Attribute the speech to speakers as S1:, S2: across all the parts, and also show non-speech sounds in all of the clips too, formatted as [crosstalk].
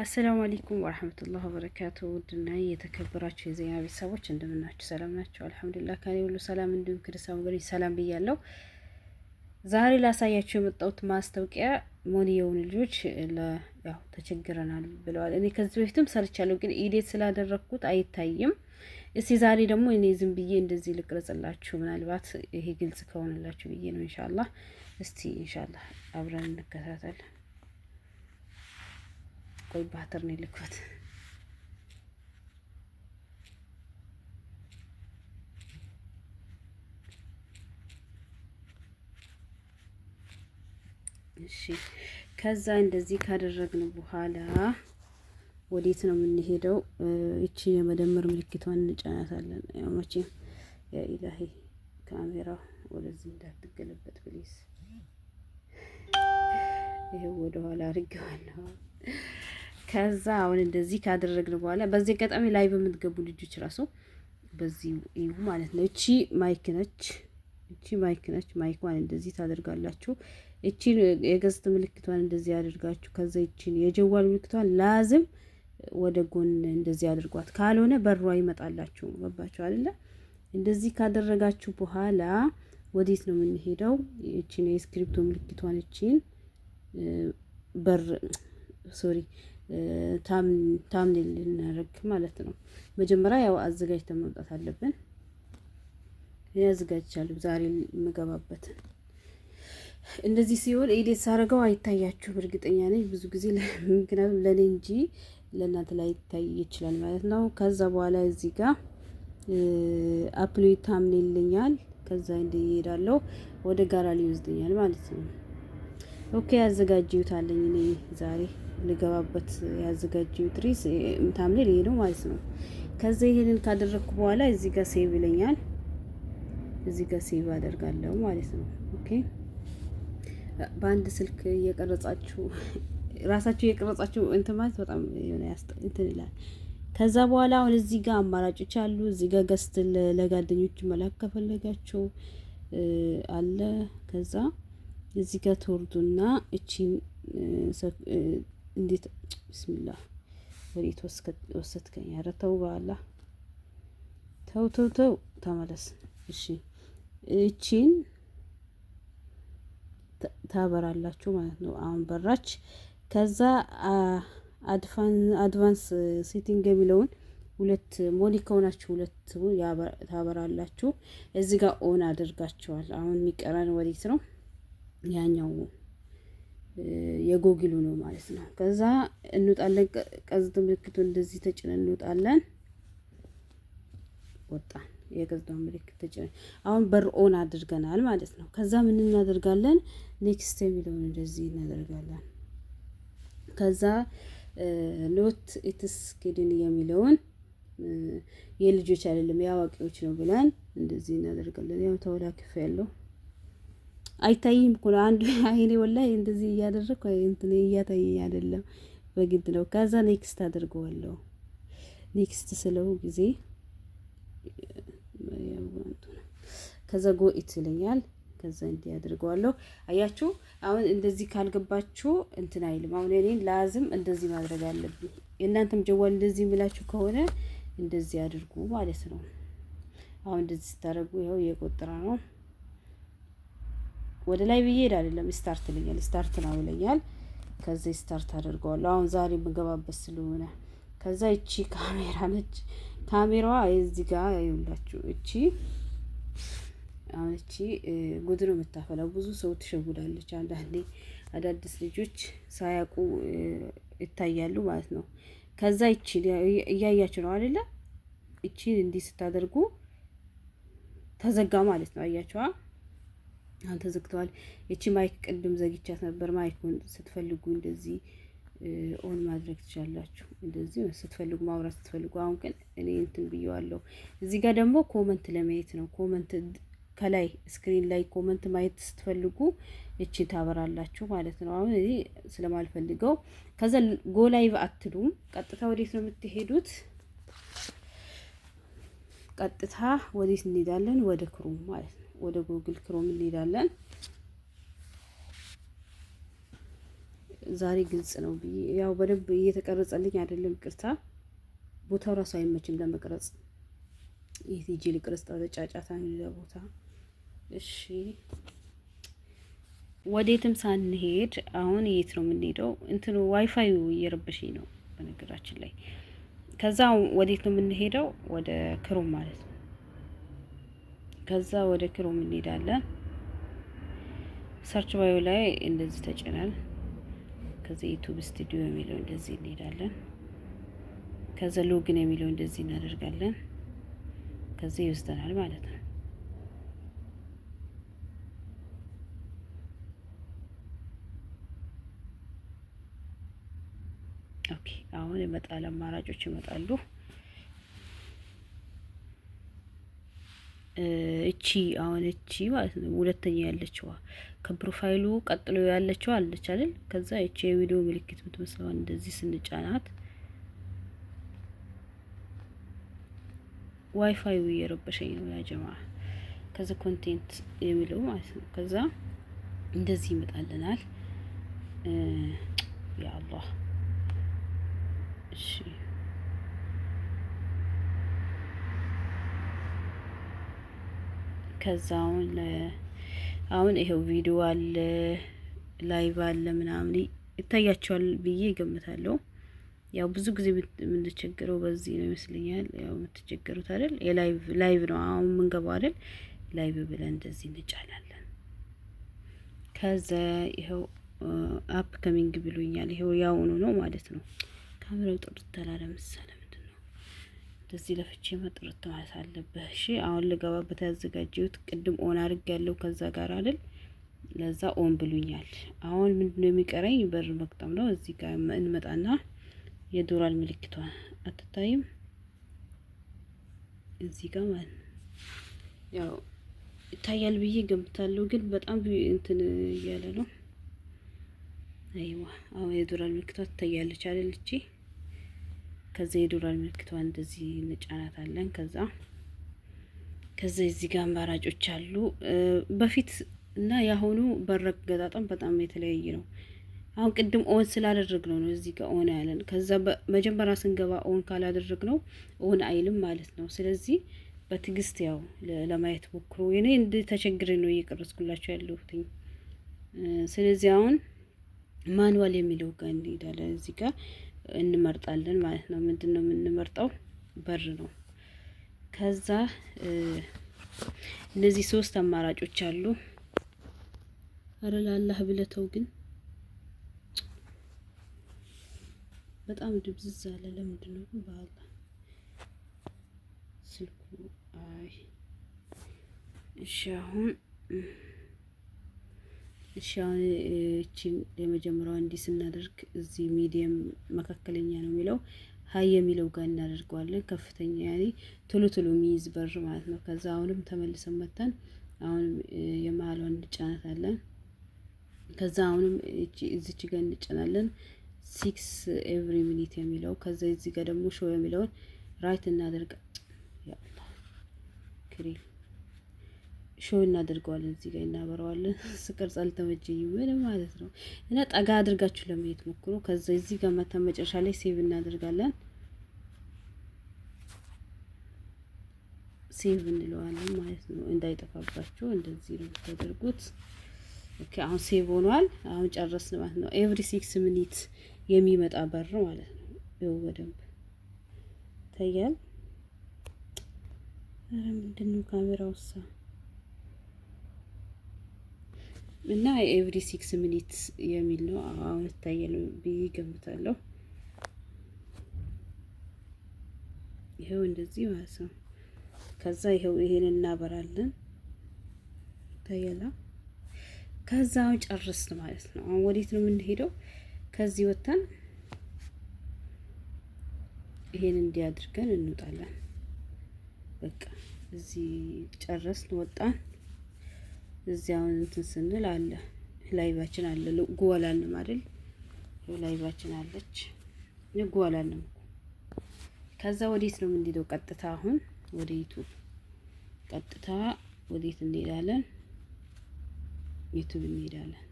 S1: አሰላሙ አለይኩም ወራህመቱላሂ ወበረካቱ ውድና የተከበራችሁ የዜና ቤተሰቦች እንደምናችሁ፣ ሰላም ናቸው አልሐምዱሊላህ ከኔ ሁሉ ሰላም፣ እንዲሁም ክርስቲያን ወገኖች ሰላም ብያለሁ። ዛሬ ላሳያችሁ የመጣሁት ማስታወቂያ ሞኒ የሆኑ ልጆች ያው ተቸግረናል ብለዋል። እኔ ከዚህ በፊትም ሰርቻለሁ፣ ግን ኢዴት ስላደረግኩት አይታይም። እስቲ ዛሬ ደግሞ እኔ ዝም ብዬ እንደዚህ ልቅረጽላችሁ፣ ምናልባት ይሄ ግልጽ ከሆነላችሁ ብዬ ነው። ኢንሻአላህ እስቲ ኢንሻአላህ አብረን እንከታተል። ቆይ ባትር ነው ልኮት እሺ ከዛ እንደዚህ ካደረግን በኋላ ወዴት ነው የምንሄደው? እቺ የመደመር ምልክቷን እንጫናታለን። ያው መቼም የኢላሂ ካሜራ ወደዚህ እንዳትገለበጥ ፕሊስ። ይሄ ወደኋላ አድርጌዋለሁ። ከዛ አሁን እንደዚህ ካደረግን በኋላ በዚህ አጋጣሚ ላይቭ የምትገቡ ልጆች ራሱ በዚህ ይሁ ማለት ነው። እቺ ማይክ ነች። እቺ ማይክ ነች። ማይክዋን እንደዚህ ታደርጋላችሁ። እቺን የገጽት ምልክቷን እንደዚህ ያደርጋችሁ። ከዛ እቺን የጀዋል ምልክቷን ላዝም ወደ ጎን እንደዚህ አድርጓት። ካልሆነ በሯ ይመጣላችሁ። ገባችሁ አይደለ? እንደዚህ ካደረጋችሁ በኋላ ወዴት ነው የምንሄደው? እቺን የስክሪፕቶ ምልክቷን እቺን በር ሶሪ ታምኔል ልናደርግ ማለት ነው። መጀመሪያ ያው አዘጋጅተን መምጣት አለብን። እኔ ዛሬ የምገባበት። እንደዚህ ሲሆን ኤዲት ሳረገው አይታያችሁም፣ እርግጠኛ ነኝ ብዙ ጊዜ [laughs] ምክንያቱም ለእኔ እንጂ ለእናንተ ላይ ይታይ ይችላል ማለት ነው። ከዛ በኋላ እዚህ ጋር አፕሎይ ታምኔል ይለኛል። ከዛ ይሄዳለው ወደ ጋራ ሊወስደኛል ማለት ነው። ኦኬ ያዘጋጅሁታለኝ እኔ ዛሬ ልገባበት ያዘጋጅሁት ሪስ ታምሌል ይሄ ነው ማለት ነው። ከዚህ ይሄንን ካደረግኩ በኋላ እዚህ ጋር ሴቭ ይለኛል። እዚህ ጋር ሴቭ አደርጋለሁ ማለት ነው። ኦኬ በአንድ ስልክ እየቀረጻችሁ [laughs] ራሳችሁ እየቀረጻችሁ እንትን ማለት በጣም የሆነ እንትን ይላል። ከዛ በኋላ አሁን እዚህ ጋር አማራጮች አሉ። እዚህ ጋር ገስት ለጓደኞች መላክ ከፈለጋቸው አለ ከዛ እዚህ ጋር ትወርዱና እቺን እንዴት ብስሚላ ወዴት ወሰድከኝ? ኧረ ተው በኋላ ተው ተው ተው ተመለስ። እሺ እቺን ታበራላችሁ ማለት ነው። አሁን በራች። ከዛ አድቫንስ ሴቲንግ የሚለውን ሁለት ሞኒክ ከሆናችሁ ሁለት ታበራላችሁ። እዚህ ጋር ኦን አድርጋችኋል። አሁን የሚቀረን ወዴት ነው? ያኛው የጎግሉ ነው ማለት ነው። ከዛ እንወጣለን ቀዝቶ ምልክቱ እንደዚህ ተጭነን እንወጣለን ወጣን። የቀዝቶ ምልክት ተጭነን አሁን በር ኦን አድርገናል ማለት ነው። ከዛ ምን እናደርጋለን? ኔክስት የሚለውን እንደዚህ እናደርጋለን። ከዛ ኖት ኢትስ ኪድን የሚለውን የልጆች አይደለም የአዋቂዎች ነው ብለን እንደዚህ እናደርጋለን። ያው ተወላክፍ ያለው አይታይም እኮ ነው አንዱ [laughs] አይኔ ወላሂ እንደዚህ እያደረግኩ እንትን እያታየኝ አይደለም፣ በግድ ነው። ከዛ ኔክስት አድርገዋለሁ። ኔክስት ስለው ጊዜ ከዛ ጎ ይለኛል። ከዛ እንዲህ አድርገዋለሁ። አያችሁ፣ አሁን እንደዚህ ካልገባችሁ እንትን አይልም። አሁን እኔን ላዝም እንደዚህ ማድረግ አለብኝ። እናንተም ጀዋል እንደዚህ የሚላችሁ ከሆነ እንደዚህ አድርጉ ማለት ነው። አሁን እንደዚህ ስታደርጉ ይኸው እየቆጠረ ነው ወደ ላይ ብዬሄድ አይደለም ስታርት ይለኛል። ስታርት ነው ይለኛል። ከዛ ስታርት አድርገዋለሁ። አሁን ዛሬ የምገባበት ስለሆነ ከዛ እቺ ካሜራ ነች። ካሜራዋ እዚህ ጋ ይሁላችሁ። እቺ አሁን እቺ ጉድ ነው የምታፈላው። ብዙ ሰው ትሸውዳለች። አንዳንዴ አዳዲስ ልጆች ሳያውቁ ይታያሉ ማለት ነው። ከዛ እቺ እያያችሁ ነው አይደለ? እቺን እንዲህ ስታደርጉ ተዘጋ ማለት ነው። አያችኋ? አሁን ተዘግተዋል። ይቺ ማይክ ቅድም ዘግቻት ነበር። ማይኩን ስትፈልጉ እንደዚህ ኦን ማድረግ ትችላላችሁ። እንደዚህ ስትፈልጉ ማውራት ስትፈልጉ። አሁን ግን እኔ እንትን ብየዋለሁ። እዚህ ጋር ደግሞ ኮመንት ለማየት ነው። ኮመንት ከላይ ስክሪን ላይ ኮመንት ማየት ስትፈልጉ እቺ ታበራላችሁ ማለት ነው። አሁን እኔ ስለማልፈልገው ከዛ ጎ ላይቭ አትሉም። ቀጥታ ወዴት ነው የምትሄዱት? ቀጥታ ወዴት እንሄዳለን? ወደ ክሩም ማለት ነው። ወደ ጉግል ክሮም እንሄዳለን። ዛሬ ግልጽ ነው ብዬ ያው በደንብ እየተቀረጸልኝ አይደለም፣ ቅርታ ቦታው ራሱ አይመችም ለመቅረጽ። ይህ ቲጂ ልቅረጽ ጠረ ጫጫታ ቦታ። እሺ ወዴትም ሳንሄድ አሁን የት ነው የምንሄደው? እንትኑ ዋይፋዩ እየረበሽኝ ነው በነገራችን ላይ። ከዛ ወዴት ነው የምንሄደው? ወደ ክሮም ማለት ነው። ከዛ ወደ ክሮም እንሄዳለን። ሰርች ባዩ ላይ እንደዚህ ተጭናል። ከዚ ዩቱብ ስቱዲዮ የሚለው እንደዚህ እንሄዳለን። ከዚ ሎግን የሚለው እንደዚህ እናደርጋለን። ከዚ ይወስደናል ማለት ነው። ኦኬ አሁን ይመጣል አማራጮች ይመጣሉ። እቺ አሁን እቺ ማለት ነው ሁለተኛ ያለችዋ ከፕሮፋይሉ ቀጥሎ ያለችዋ አለች አይደል? ከዛ እቺ የቪዲዮ ምልክት የምትመስለዋን እንደዚህ ስንጫናት ዋይፋይ እየረበሸኝ ነው ያ ጀማ። ከዛ ኮንቴንት የሚለው ማለት ነው። ከዛ እንደዚህ ይመጣልናል። ያ አላህ እሺ ከዛውን አሁን ይሄው ቪዲዮ አለ ላይቭ አለ ምናምን ይታያቸዋል ብዬ ይገምታለሁ። ያው ብዙ ጊዜ የምንቸገረው በዚህ ነው ይመስለኛል። ያው የምትቸገሩት አይደል? የላይቭ ላይቭ ነው አሁን የምንገባው አይደል? ላይቭ ብለን እንደዚህ እንጫላለን። ከዛ ይኸው አፕ ከሚንግ ብሎኛል። ይኸው ያውኑ ነው ማለት ነው። ካሜራው ጥርት ተላለ መሰለ እንደዚህ ለፍቼ መጥረት ማለት አለብህ። እሺ አሁን ልገባበት ያዘጋጀሁት ቅድም ኦን አድርግ ያለው ከዛ ጋር አይደል? ለዛ ኦን ብሉኛል። አሁን ምንድነው የሚቀረኝ? በር መቅጠም ነው። እዚህ ጋር እንመጣና የዶላር ምልክቷ አትታይም እዚህ ጋር ማለት ነው። ያው ይታያል ብዬ ገምታለሁ፣ ግን በጣም እንትን እያለ ነው። አይዋ አሁን የዶላር ምልክቷ ትታያለች አይደል? ከዛ የዶላር ምልክቷን እንደዚህ እንጫናታለን። ከዛ ከዛ እዚህ ጋር አማራጮች አሉ። በፊት እና የአሁኑ በረቅ ገጣጣም በጣም የተለያየ ነው። አሁን ቅድም ኦን ስላደረግ ነው ነው እዚህ ጋር ኦን ያለን። ከዛ መጀመሪያ ስንገባ ኦን ካላደረግ ነው ኦን አይልም ማለት ነው። ስለዚህ በትግስት ያው ለማየት ሞክሮ እኔ እንደ ተቸግሬ ነው እየቀረስኩላቸው ያለሁትኝ። ስለዚህ አሁን ማንዋል የሚለው ጋር እንሄዳለን እዚህ ጋር እንመርጣለን ማለት ነው። ምንድን ነው የምንመርጠው? በር ነው። ከዛ እነዚህ ሶስት አማራጮች አሉ። አረ ለአላህ ብለተው ግን በጣም ድብዝዝ አለ። ለምንድን ነው ግን በአላህ ስልኩ? አይ እሺ አሁን እሺ አሁን እቺን እናደርግ እንዲህ ስናደርግ እዚህ ሚዲየም መካከለኛ ነው የሚለው ሀይ የሚለው ጋር እናደርገዋለን። ከፍተኛ ያኔ ቶሎ ቶሎ የሚይዝ በር ማለት ነው። ከዛ አሁንም ተመልሰን መተን አሁንም የመሀሏን እንጫናታለን። ከዛ አሁንም እዚች ጋር እንጫናለን ሲክስ ኤቭሪ ሚኒት የሚለው ከዛ እዚህ ጋር ደግሞ ሾው የሚለውን ራይት እናደርጋ ክሪል ሾው እናደርገዋለን። እዚህ ጋር እናበረዋለን። [laughs] ስቅርጽ አልተመቸኝም ምንም ማለት ነው። እና ጠጋ አድርጋችሁ ለማየት ሞክሩ። ከዛ እዚህ ጋር መታ መጨረሻ ላይ ሴቭ እናደርጋለን። ሴቭ እንለዋለን ማለት ነው። እንዳይጠፋባችሁ እንደዚህ ነው የምታደርጉት። ኦኬ አሁን ሴቭ ሆኗል። አሁን ጨረስን ማለት ነው። ኤቭሪ ሲክስ ሚኒት የሚመጣ በር ማለት ነው። ይኸው በደንብ ይታያል። ኧረ ምንድን ነው ካሜራው ውሳ እና ኤቭሪ ሲክስ ሚኒትስ የሚል ነው። አሁን ታየ ብዬ ገምታለሁ። ይኸው እንደዚህ ማለት ነው። ከዛ ይኸው ይሄን እናበራለን ታየላ። ከዛ አሁን ጨርስን ማለት ነው። አሁን ወዴት ነው የምንሄደው? ከዚህ ወጥተን ይሄን እንዲያድርገን እንውጣለን። በቃ እዚህ ጨረስን፣ ወጣን። እዚያውን እንትን ስንል አለ ላይቫችን አለ ጉዋላልም አይደል? ላይቫችን አለች ጉዋላልም። ከዛ ወዴት ነው የምንሄደው? ቀጥታ አሁን ወደ ዩቱብ ቀጥታ ወዴት እንሄዳለን? ዩቱብ እንሄዳለን።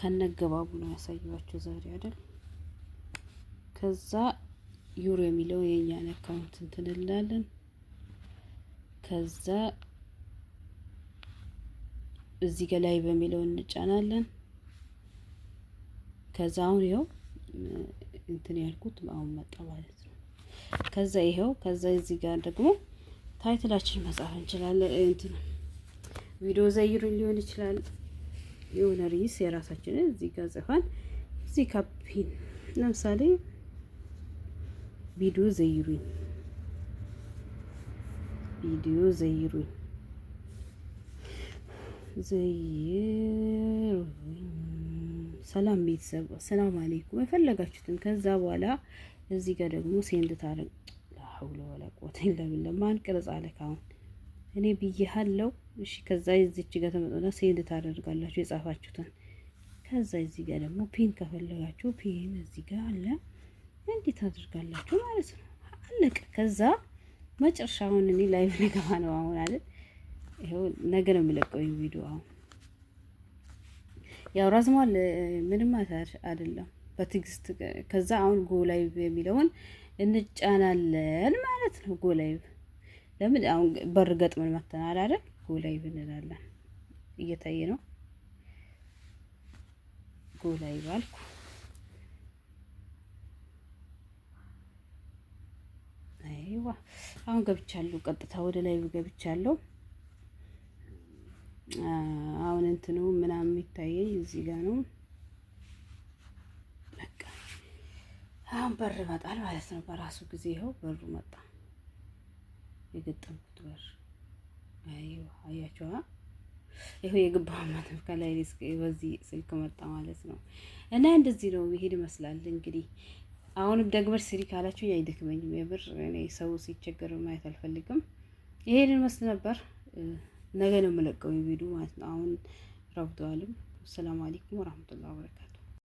S1: ከነገባቡ ነው ያሳየኋቸው ዛሬ አይደል? ከዛ ዩሮ የሚለው የእኛን አካውንት እንትን እንላለን። ከዛ እዚህ ጋ ላይ በሚለው እንጫናለን። ከዛ አሁን ይኸው እንትን ያልኩት አሁን መጣ ማለት ነው። ከዛ ይኸው ከዛ እዚ ጋር ደግሞ ታይትላችን መጻፍ እንችላለን። እንትን ቪዲዮ ዘይሩ ሊሆን ይችላል የሆነ ርዕስ የራሳችንን እዚ ጋር ጽፈን እዚ ካፒን ለምሳሌ ቪዲዮ ዘይሩኝ ቪዲዮ ዘይሩኝ ዘይሩኝ። ሰላም ቤተሰብ፣ አሰላም አሌይኩም። የፈለጋችሁትን ከዛ በኋላ እዚህ ጋር ደግሞ ሴንድ ታረግ ላሁለ ወላ ቁወተ ማን ቅርጽ አለክ? አሁን እኔ ብዬሃለው። እሺ፣ ከዛ እዚች ጋር ተመጡና ሴንድ ታደርጋላችሁ የጻፋችሁትን። ከዛ እዚህ ጋር ደግሞ ፒን ከፈለጋችሁ ፒን እዚህ ጋር አለ። እንዴት ታደርጋላችሁ ማለት ነው። አለቀ ከዛ መጨረሻውን እኔ ላይቭ ነገባ ነው አሁን አለ። ይኸው ነገ ነው የሚለቀው ቪዲዮ። አሁን ያው ረዝሟል፣ ምንም አታር አይደለም። በትግስት ከዛ አሁን ጎ ላይቭ የሚለውን እንጫናለን ማለት ነው። ጎ ላይቭ ለምን አሁን በር ገጥመን መተናል አይደል? ጎ ላይቭ እንላለን። እየታየ ነው። ጎ ላይቭ አልኩ። አሁን ገብቻለሁ፣ ቀጥታ ወደ ላይ ገብቻለሁ። አሁን እንትኑ ምናምን የሚታየኝ እዚህ ጋር ነው። በቃ አሁን በር ይመጣል ማለት ነው። በራሱ ጊዜ ይኸው በሩ መጣ። የገጠምኩት በር አያችኋ። ይሄ የግባ ማለት ከላይ በዚህ ስልክ መጣ ማለት ነው። እና እንደዚህ ነው ይሄድ ይመስላል እንግዲህ አሁንም ደግመሽ ስሪ ካላችሁ አይደክመኝም። የብር እኔ ሰው ሲቸገር ማየት አልፈልግም። ይሄንን መስል ነበር። ነገ ነው የምለቀው የቪዲዮ ማለት ነው። አሁን ረብተዋልም። ሰላም አለይኩም ወራህመቱላሂ ወበረካቱ